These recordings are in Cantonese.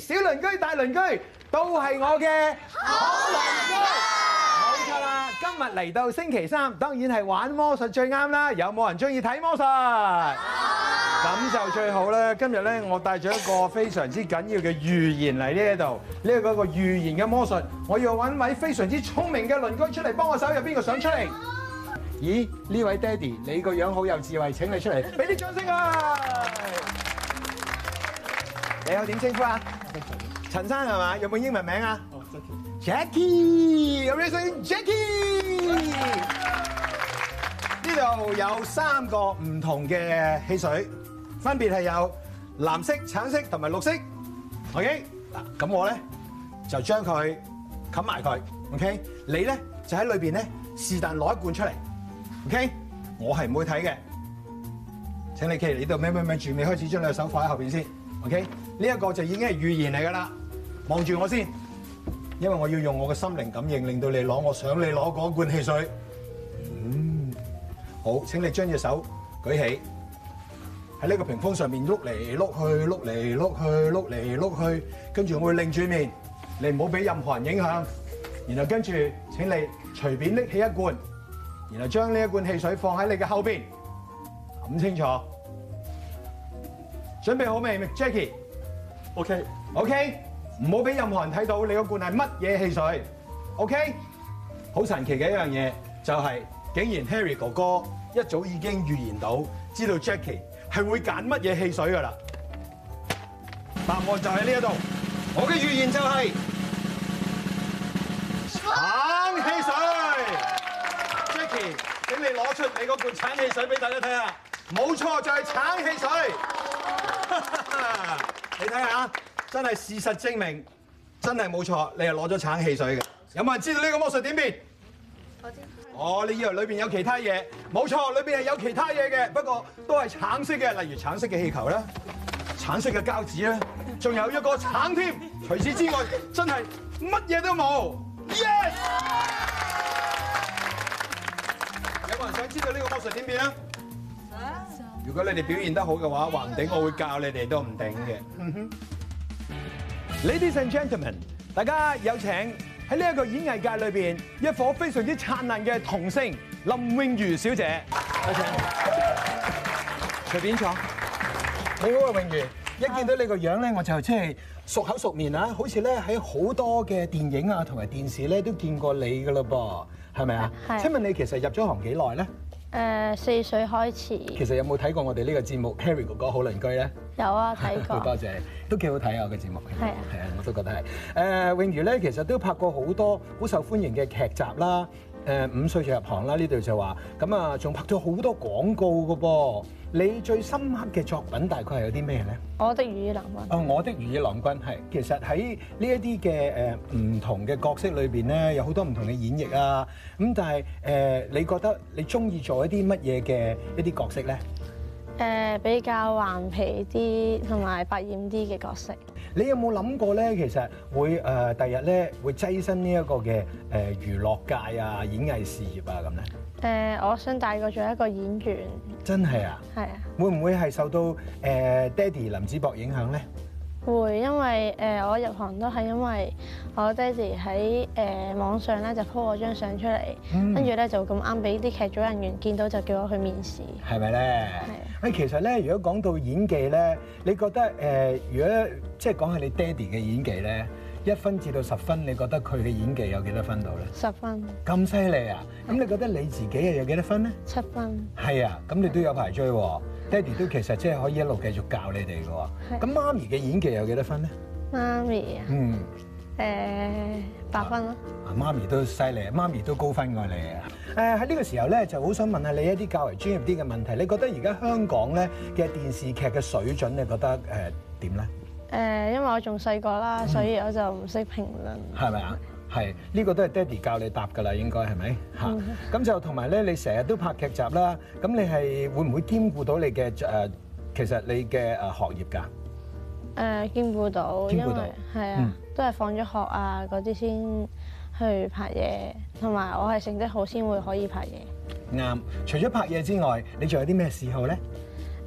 小鄰居大鄰居都係我嘅好鄰居，冇錯啦。今日嚟到星期三，當然係玩魔術最啱啦。有冇人中意睇魔術？咁、啊、就最好啦。今日呢，我帶咗一個非常之緊要嘅預言嚟呢度。呢個一個預言嘅魔術，我要揾位非常之聰明嘅鄰居出嚟幫我手，有邊個想出嚟、啊？咦，呢位爹哋，你個樣好有智慧，請你出嚟，俾啲掌聲啊！ 你好點稱呼啊？陳生係嘛？有冇英文名啊？Jackie，有冇人識 Jackie？呢度有三個唔同嘅汽水，分別係有藍色、橙色同埋綠色。OK，嗱，咁我咧就將佢冚埋佢。OK，你咧就喺裏邊咧是但攞一罐出嚟。OK，我係唔會睇嘅。請你企嚟呢度，唔唔唔，準備開始將你兩手放喺後邊先。OK。呢一個就已經係預言嚟噶啦，望住我先，因為我要用我嘅心靈感應，令到你攞我想你攞嗰罐汽水。嗯，好，請你將隻手舉起，喺呢個屏風上面碌嚟碌去，碌嚟碌去，碌嚟碌去，跟住我會擰轉面，你唔好俾任何人影響。然後跟住，請你隨便拎起一罐，然後將呢一罐汽水放喺你嘅後邊，諗清楚，準備好未，Jackie？OK，OK，唔好俾任何人睇到你個罐係乜嘢汽水。OK，好神奇嘅一樣嘢就係，竟然 Harry 哥哥一早已經預言到，知道 Jackie 係會揀乜嘢汽水噶啦。答案就喺呢一度，我嘅預言就係橙汽水。Jackie，請你攞出你個罐橙汽水俾大家睇下。冇錯，就係橙汽水。你睇下，真係事實證明，真係冇錯，你係攞咗橙汽水嘅。有冇人知道呢個魔術點變？我知道。我、oh, 你以為裏面有其他嘢，冇錯，裏面係有其他嘢嘅，不過都係橙色嘅，例如橙色嘅氣球啦，橙色嘅膠紙啦，仲有一個橙添。 除此之外，真係乜嘢都冇。 Yes。有冇人想知道呢個魔術點變啊？如果你哋表現得好嘅話，話唔定我會教你哋都唔定嘅。Ladies and gentlemen，大家有請喺呢一個演藝界裏面一伙非常之燦爛嘅童星林詠渝小姐。有請，隨便坐。你好啊，詠渝。一見到你個樣咧，我就即係熟口熟面啊，好似咧喺好多嘅電影啊同埋電視咧都見過你噶嘞噃，係咪啊？請問你其實入咗行幾耐咧？誒、呃、四歲開始。其實有冇睇過我哋呢個節目《Harry 哥哥好鄰居》咧？有啊，睇過。 多謝，都幾好睇啊！我嘅節目。係啊。係啊，我都覺得係。誒、呃，詠渝咧，其實都拍過好多好受歡迎嘅劇集啦。誒、呃，五歲就入行啦，呢度就話。咁啊，仲拍咗好多廣告噶噃。你最深刻嘅作品大概係有啲咩咧？我的如意郎君。哦，我的如意郎君係其實喺呢一啲嘅誒唔同嘅角色裏邊咧，有好多唔同嘅演繹啊。咁但係誒，你覺得你中意做一啲乜嘢嘅一啲角色咧？誒，比較頑皮啲同埋百厭啲嘅角色。你有冇諗過咧？其實會誒，第日咧會躋身呢一個嘅誒娛樂界啊、演藝事業啊咁咧？誒、呃，我想大個做一個演員。真係啊？係啊。會唔會係受到誒爹哋林子博影響咧？會，因為誒、呃、我入行都係因為我爹哋喺誒網上咧就 po 我張相出嚟，跟住咧就咁啱俾啲劇組人員見到，就叫我去面試。係咪咧？係啊。誒，其實咧，如果講到演技咧，你覺得誒、呃，如果即係講係你爹哋嘅演技咧？一分至到十分，你覺得佢嘅演技有幾多分到咧？十分。咁犀利啊！咁你覺得你自己又有幾多分咧？七分。係啊，咁你都有排追喎。爹哋都其實即係可以一路繼續教你哋嘅喎。咁媽咪嘅演技有幾多分咧？媽咪啊，嗯，誒，欸，八分咯，啊。啊，媽咪都犀利，媽咪都高分過你啊。誒喺呢個時候咧，就好想問下你一啲較為專業啲嘅問題。你覺得而家香港咧嘅電視劇嘅水準，你覺得誒點咧？誒，因為我仲細個啦，所以我就唔識評論。係咪啊？係呢、呢個都係爹哋教你答噶啦，應該係咪？嚇，咁 就同埋咧，你成日都拍劇集啦，咁你係會唔會兼顧到你嘅誒、呃？其實你嘅誒學業㗎？誒、呃、兼顧到，因為兼顧到，係啊，嗯、都係放咗學啊嗰啲先去拍嘢，同埋我係成績好先會可以拍嘢。啱，除咗拍嘢之外，你仲有啲咩嗜好咧？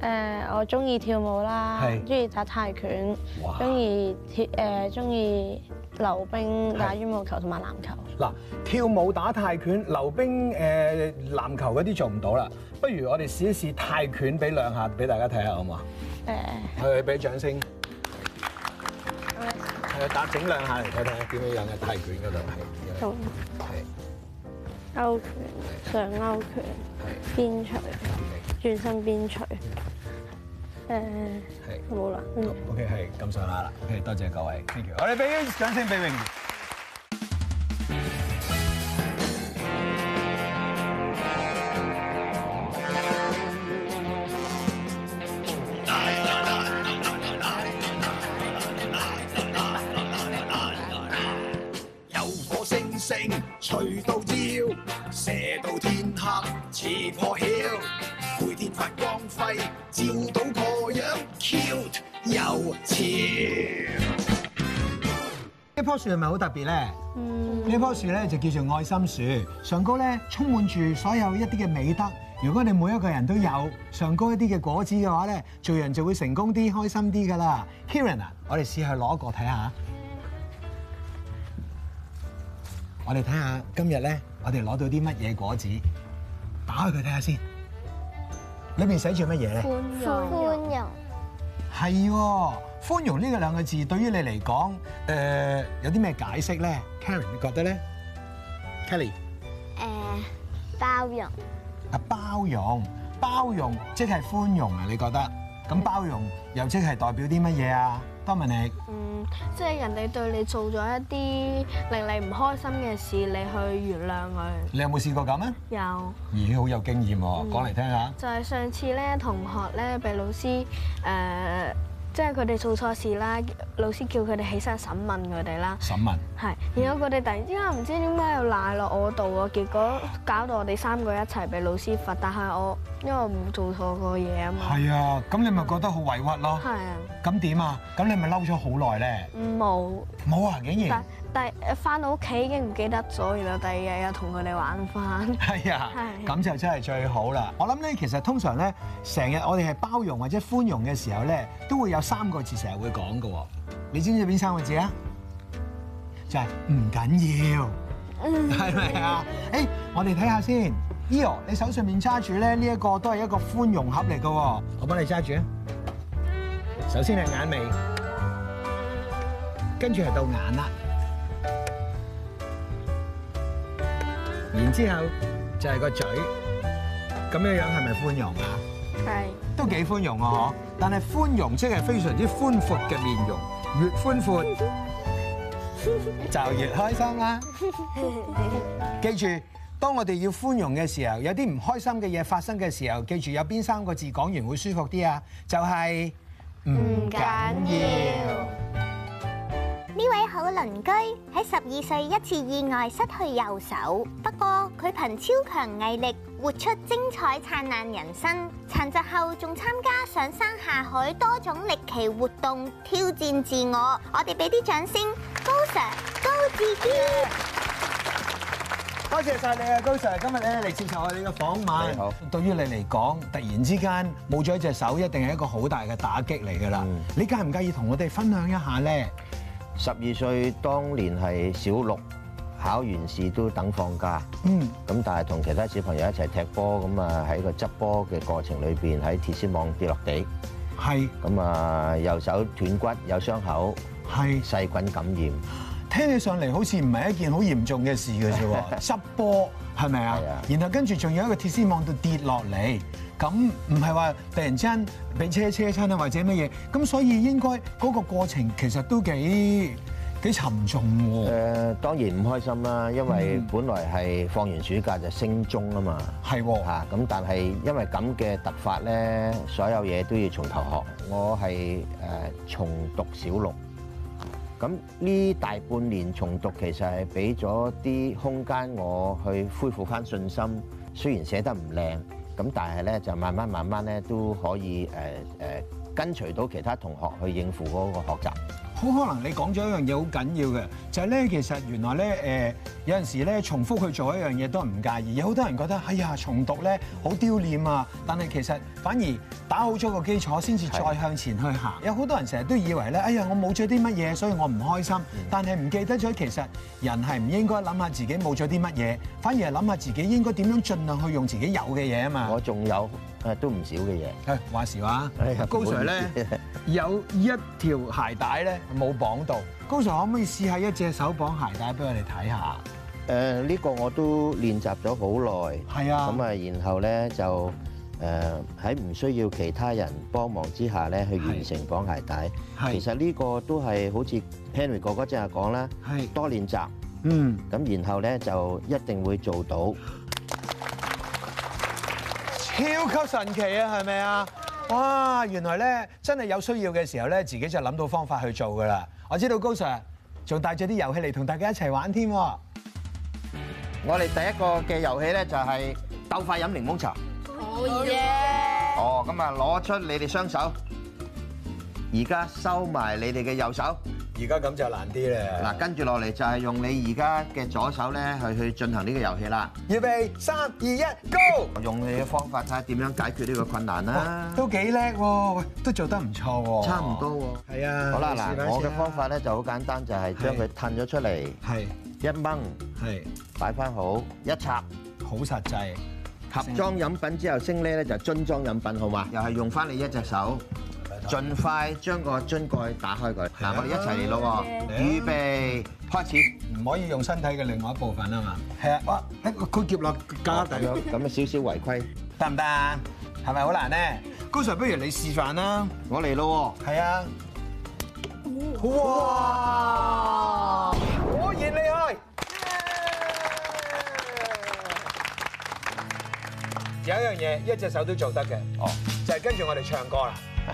誒，我中意跳舞啦，中意打泰拳，中意跳誒，中意溜冰、打羽毛球同埋籃球。嗱，跳舞、打泰拳、溜冰、誒、呃、籃球嗰啲做唔到啦。不如我哋試一試泰拳，俾兩下俾大家睇下，好唔好？誒，去俾掌聲。係打整兩下嚟睇睇，點樣樣嘅泰拳嗰度係點？勾拳、上勾拳、鞭捶、轉身鞭捶。誒，係，好啦，嗯，OK，係咁上下啦，OK，多謝各位，thank you，我哋俾掌聲俾詠渝樹係咪好特別咧？呢、嗯、棵樹咧就叫做愛心樹，上高咧充滿住所有一啲嘅美德。如果你每一個人都有上高一啲嘅果子嘅話咧，做人就會成功啲、開心啲噶啦。Kieran 啊，我哋試下去攞一個睇下，嗯，我哋睇下今日咧，我哋攞到啲乜嘢果子，打開佢睇下先，裏面寫住乜嘢咧？寬容，寬容，係寬容呢個兩個字對於你嚟講，誒，有啲咩解釋咧？Kelly，你覺得咧？Kelly，誒，包容。啊，包容，包容即係寬容啊？你覺得？咁包容又即係代表啲乜嘢啊？多問你。嗯，即係人哋對你做咗一啲令你唔開心嘅事，你去原諒佢。你有冇試過咁啊？有。咦，好有經驗喎，講嚟聽下。就係上次咧，同學咧俾老師誒。即係佢哋做錯事啦，老師叫佢哋起身審問佢哋啦。審問係。然後佢哋突然之間唔知點解又賴落我度啊，結果搞到我哋三個一齊俾老師罰。但係我因為我冇做錯過嘢啊嘛。係啊，咁你咪覺得好委屈咯。係啊。咁點啊？咁你咪嬲咗好耐咧。冇。冇啊！竟然。但係翻到屋企已經唔記得咗，然後第二日又同佢哋玩翻。係啊。係。咁就真係最好啦！我諗咧，其實通常咧，成日我哋係包容或者寬容嘅時候咧，都會有三個字成日會講㗎喎。你知唔知邊三個字啊？就係、是、唔緊要，係咪啊？誒、hey，我哋睇下先。Eo，你手上面揸住咧呢一個都係一個寬容盒嚟嘅喎，我幫你揸住啊。首先係眼眉，跟住係到眼啦，然之後就係個嘴咁嘅樣，係咪寬容啊？係。都幾寬容啊！嗬，但係寬容即係非常之寬闊嘅面容，越寬闊。就越開心啦！記住，當我哋要寬容嘅時候，有啲唔開心嘅嘢發生嘅時候，記住有邊三個字講完會舒服啲啊？就係唔緊要。呢位好鄰居喺十二歲一次意外失去右手，不過佢憑超強毅力活出精彩燦爛人生。殘疾後仲參加上山下海多種歷奇活動，挑戰自我。我哋俾啲掌聲。高 Sir，高誌樫，多謝晒你啊！高 Sir，今日咧嚟接受我哋嘅訪問。你好，對於你嚟講，突然之間冇咗一隻手，一定係一個好大嘅打擊嚟㗎啦。你介唔介意同我哋分享一下咧？十二歲，當年係小六考完試都等放假。嗯，咁但係同其他小朋友一齊踢波，咁啊喺個執波嘅過程裏邊，喺鐵絲網跌落地。係。咁啊，右手斷骨，有傷口。係細菌感染，聽起上嚟好似唔係一件好嚴重嘅事嘅啫喎，濕波係咪啊？然後跟住仲有一個鐵絲網度跌落嚟，咁唔係話突然之間俾車車親啊，或者乜嘢咁，所以應該嗰個過程其實都幾幾沉重喎。誒，當然唔開心啦，因為本來係放完暑假就升中啊嘛，係喎嚇。咁但係因為咁嘅突發咧，所有嘢都要從頭學。我係誒重讀小六。咁呢大半年重讀其實係俾咗啲空間我去恢復返信心，雖然寫得唔靚，咁但係咧就慢慢慢慢咧都可以誒誒、呃呃、跟隨到其他同學去應付嗰個學習。好可能你講咗一樣嘢好緊要嘅，就係、是、咧其實原來咧誒、呃、有陣時咧重複去做一樣嘢都唔介意，有好多人覺得哎呀重讀咧好丟臉啊，但係其實反而打好咗個基礎，先至再向前去行。有好多人成日都以為咧哎呀我冇咗啲乜嘢，所以我唔開心，嗯、但係唔記得咗其實人係唔應該諗下自己冇咗啲乜嘢，反而係諗下自己應該點樣盡量去用自己有嘅嘢啊嘛。我仲有。誒都唔少嘅嘢，係話時話，高 Sir 咧 有一條鞋帶咧冇綁到，高 Sir 可唔可以試下一隻手綁鞋帶俾我哋睇下？誒、呃、呢、呢個我都練習咗好耐，係啊，咁啊，然後咧就誒喺唔需要其他人幫忙之下咧去完成綁鞋帶。其實呢個都係好似 Henry 哥哥正係講啦，多練習，嗯，咁然後咧就一定會做到。超級神奇啊，係咪啊？哇！原來咧，真係有需要嘅時候咧，自己就諗到方法去做㗎啦。我知道高 Sir 仲帶咗啲遊戲嚟同大家一齊玩添。我哋第一個嘅遊戲咧就係鬥快飲檸檬茶。好嘢！哦，咁啊，攞出你哋雙手，而家收埋你哋嘅右手。而家咁就難啲啦。嗱，跟住落嚟就係用你而家嘅左手咧，去去進行呢個遊戲啦。預備三二一，Go！用你嘅方法睇下點樣解決呢個困難啦。都幾叻喎，喂，都做得唔錯喎。差唔多喎。係啊。好啦嗱，我嘅方法咧就好簡單，就係、是、將佢褪咗出嚟，係一掹，係擺翻好，一插，好實際。盒裝飲品之後升，升呢咧，就樽裝飲品，好嘛？又係用翻你一隻手。盡快將個樽蓋打開佢。嗱，我哋一齊嚟咯，預備開始，唔可以用身體嘅另外一部分啊嘛。係啊，佢夾落隔大咗，咁少少違規，得唔得啊？係咪好難咧？高 Sir，不如你示範啦。我嚟咯。係啊。哇！果然厲害。有一樣嘢，一隻手都做得嘅，就係跟住我哋唱歌啦。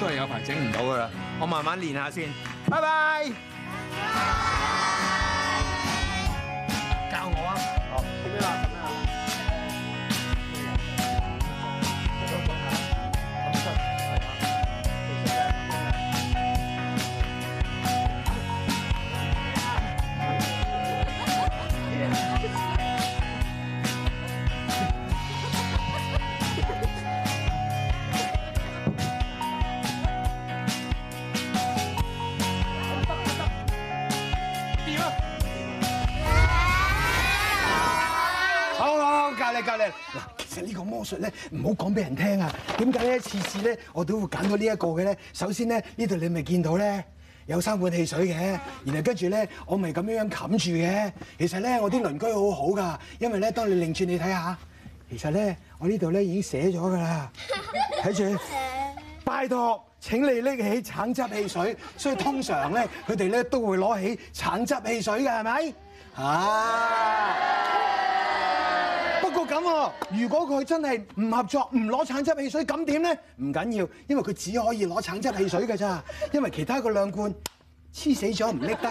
都係有排整唔到㗎啦，我慢慢練下先，拜拜。拜拜。咧唔好講俾人聽啊！點解咧次次咧我都會揀到呢一個嘅咧？首先咧呢度你咪見到咧有三罐汽水嘅，然後跟住咧我咪咁樣樣冚住嘅。其實咧我啲鄰居好好噶，因為咧當你擰轉你睇下，其實咧我呢度咧已經寫咗噶啦，睇住拜託請你拎起橙汁汽水，所以通常咧佢哋咧都會攞起橙汁汽水嘅，係咪？啊！如果佢真係唔合作，唔攞橙汁汽水，咁點咧？唔緊要，因為佢只可以攞橙汁汽水嘅咋，因為其他個兩罐黐死咗唔拎得。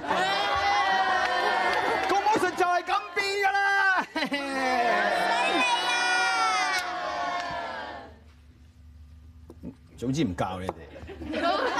個魔術就係咁變㗎啦！總之唔教你哋。